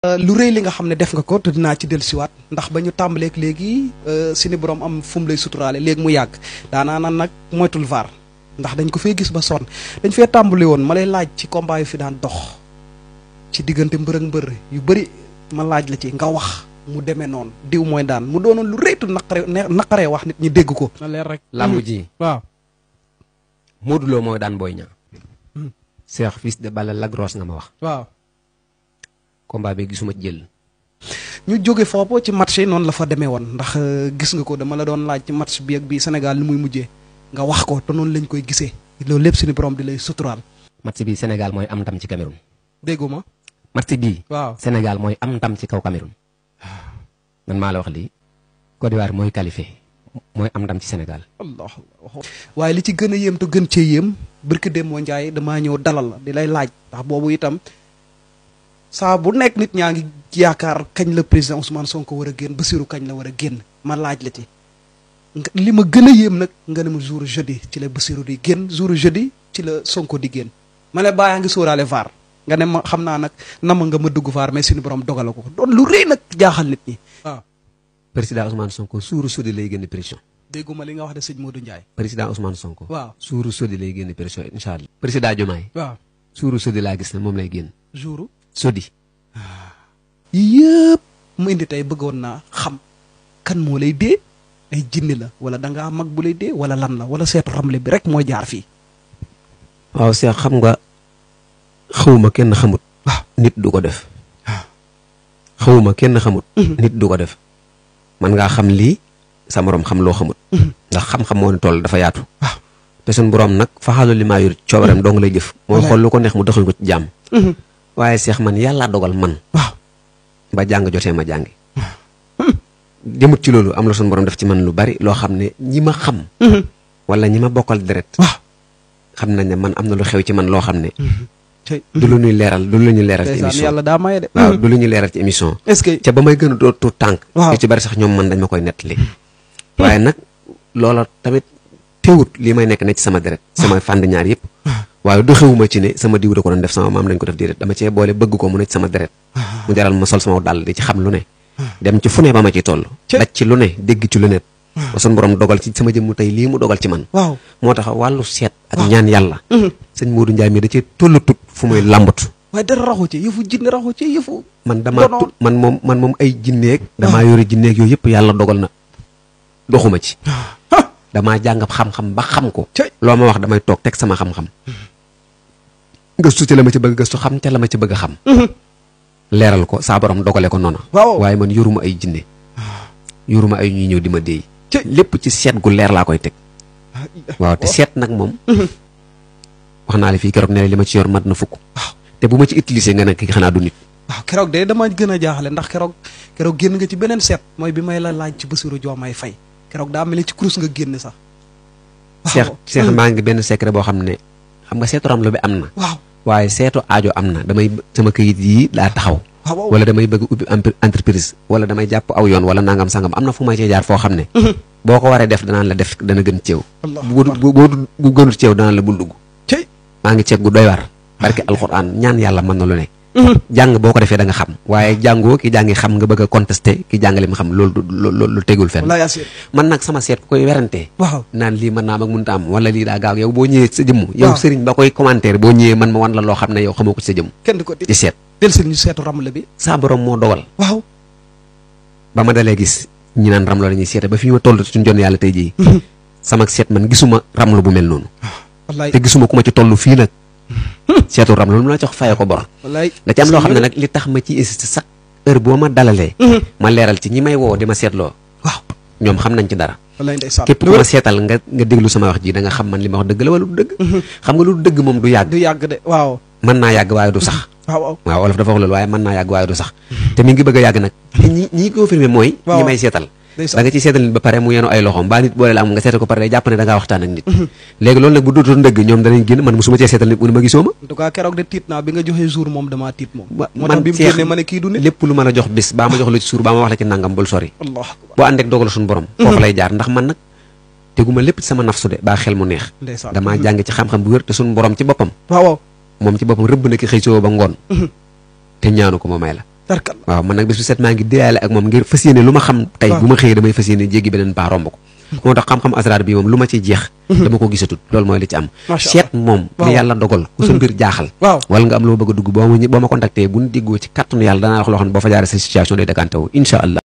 Euh, lu rëy li nga xam ne def nga ko te dinaa ci siwaat ndax ba ñu tàmbaleeg léegi euh, suñu borom am fu mu lay suturaale léegi mu yàgg daanaa naan nag moytul vaar ndax dañ ko fay gis ba son dañ fee tàmbali woon ma lay laaj ci combat fi daan dox ci diggante mbër mbër yu bëri ma laaj la ci nga wax mu demee noonu diw mooy daan mu doonoon lu rëytu naqaree wax nit ñi dégg ko. na leer rek làmb ji waaw. mooy daan Boy Niang. Hmm. Cheikh fils de wax. waaw. combat bi gisuma ci jël. ñu jóge foofu ci match yi noonu la fa demee woon ndax euh, gis nga ko dama la doon laaj ci match bi ak bii Sénégal li muy mujjee nga wax ko te noonu lañ koy gisee loolu lépp suñu borom di lay suturaal. match bi Sénégal mooy am ndam ci Cameroun. dégguma. match bii. waaw Sénégal mooy am ndam ci kaw Cameroun. man maa la wax lii. Côte mooy qualifié mooy am ndam ci Sénégal. allah waaye li ci gëna a yéem te gën cee yéem barki Demba Ndiaye damaa ñëw dalal la di lay laaj ndax boobu itam. saa bu nekk nit ñaa ngi yaakaar kañ la président Ousmane Sonko war a génn Bassirou kañ la war a génn ma laaj la ci li ma gën a yéem nag nga ne ma jour jeudi ci la Bassirou di génn jour jeudi ci la Sonko di génn ma ne baa yaa ngi sóoraale vaar nga ne ma xam naa nag nama nga ma dugg vaar mais suñu borom dogala ko doon lu rëy nag jaaxal nit ñi. waaw ah. président Ousmane Sonko suuru sodi lay génn pression. dégguma li nga wax de sëñ Modou Ndiaye. président Ousmane Sonko. waaw suuru sodi lay génn pression incha allah. président Diomaye. waaw suuru sodi laa gis moom lay génn. jour. sodi ah. yëpp mu indi tey bëggoon na xam kan moo lay dee ay jinni la wala dangaa mag bu lay dee wala lan la wala seetu xamle bi rek mooy jaar fii waaw seex xam nga xawma kenn xamut ah. nit du ko def ah. xawma kenn xamut mhm. nit du ko def man ngaa xam lii sa morom xam loo xamut mhm. ndax xam-xam moo ne toll dafa yaatu te suñ borom nag faxaalu li maa yor coobaram mhm. dong lay jëf mooy xool lu ko neex mu doxal ko ci jàmm waaye seex man yàlla dogal man. waaw ba jàng jotee ma jàngi. Hmm. demut ci loolu am la suñu borom def ci man lu bari loo xam ne ñi ma xam. Hmm. wala ñi ma bokkal deret. waaw xam nañ ne man am na lu xew ci man loo xam ne. Hmm. du lu ñuy leeral du lu ñuy leeral ci émission daa maye de. waaw du lu ce que ca ba may gën a doon tuut tànk. waaw ci bari sax ñoom man dañ ma koy nettali. waaye nag loola tamit teewut li may nekk ne ci sama deret. samay fànn ñaar yëpp. waaye doxewuma ci ne sama diw da ko doon def sama maam lañ ko def déedéet dama cee boole bëgg ko mu ne ci sama deret ah. mu jaral ma sol sama dàll di ci xam lu ne ah. dem ci fu ne ba ma ci toll daj ci lu ne dégg ci lu ne ah. ba suñu borom dogal ci sama jëmm tey lii mu dogal ci man waaw moo tax wàllu seet ñaan yàlla mm-hmm. sëñ Modou Ndiaye mi da cee tollatut fu muy làmbatu waaye dara raxu ci yëfu jinne raxu ci yëfu man damaa man moom man moom ay jinneeg damaa yore jinneeg yooyu yëpp yàlla dogal na doxuma ci damaa jàng xam-xam ba xam ko loo ma wax damay toog teg sama xam gëstu ci la ma ci bëgg gëstu xam ca la ma ci bëgg a xam mhm. leeral ko saa borom dogale ko noona waaye man yoruma ay jinne yoruma ay ñuy ñëw di ma déey lépp ci seet gu leer laa koy teg ah, ah, waaw te oh. seet nag moom mhm. wax naa la fii keroog ne li ma ci yor mat na fukk ah. te bu ma ci utiliser nga ne ki xanaa du nit waaw keroog dama gën a jaaxale ndax keroog keroog génn nga ci beneen seet mooy bi may la laaj ci Bassirou Diomaye Faye keroog daa mel ci kurus nga génn sax seex seex mm. maa ngi benn secret boo xam ne xam nga seetu ramlu bi am na waaye seetu aajo am na damay sama këyit yii daa taxaw ah, wala damay bëgg ubbi entreprise wala damay jàpp aw yoon wala nangam sangam am na fu ma cee jaar foo xam ne mhm. boo ko waree def danaan la def dana gën ceew boo bu gënul ceew dana la bul dugg maa ngi ceeg gu doy war ah. barke alxuraan ñaan yàlla mën na lu ne jàng boo ko defee da nga xam waaye jàngoo ki jàngi xam nga bëgg a contesté ki jàngale ma xam loolu lu tegul fenn man nag sama seet ku koy werantee waaw naan lii mën naa mag mënta am wala lii daa gaaw yow boo ñëwee sa jëmm yow sëriñ ba koy commentaire boo ñëwee man ma wan la loo xam ne yow xamoo ko ci sa jëmm kenn du ko di seet del sëriñ seetu ram la bi saa borom moo dogal ba ma dalee gis ñi naan ramlo la ñuy seete ba fi ma toll suñu jon yàlla tey jii mhm. sama seet man ah, gisuma ku ma ci toll fii nag seetu ram loolu mu la jox faye ko bor da ci loo xam ne nag li tax ma ci insisté sax heure boo ma dalalee mhm. ma leeral ci ñi may woo di ma seetloo waaw ñoom xam nañ ci dara képp ku ma seetal nga nga déglu sama wax ji da nga xam man li ma wax dëgg la wala du dëgg mhm. xam nga lu dëgg moom du yàgg du yàgg de waaw mën naa yàgg waaye du sax waaw waaw olof dafa wax loolu waaye mën naa yàgg waaye mhm. te mi ngi bëgg a yàgg nag ñi ñi confirmé mooy ñi may seetal da nga seetal nit ba pare mu yenu ay loxoom ba nit boole la am nga seetal ko pare day jàpp ne da waxtaan ak nit mhm. léegi loolu nag bu dootoon dëgg ñoom danañ génn man musuma cee seetal nit mu ne ma gisoo ma en tout cas keroog de tiit naa bi lépp lu mën a jox bis baa ma jox la ci suur baa ma wax la ci nàngam bul sori boo ànd ak dogal suñu borom foofu mhm. lay jaar ndax man nag teguma lépp ci sama nafsu de baa xel mu neex damaa jàng ci xam-xam bu wér te suñu borom ci boppam waaw moom ci boppam rëbb ba ngoon mhm. te ñaanu ko ma la tarkal waaw man nag bis bu set maa ngi déyaale ak moom ngir fas lu ma xam tey bu ma xëyee damay fas yéene beneen paa romb hmm. moo tax xam-xam asraar bi moom lu ma ci jeex hmm. dama ko gisatut loolu mooy li ci am seet moom li yàlla dogal ku sa hmm. mbir jaaxal waaw nga am loo bëgg a dugg boo ma boo bu ñu déggoo ci kàttanu yàlla danaa wax loo xam boo fa sa situation day décanté wu allah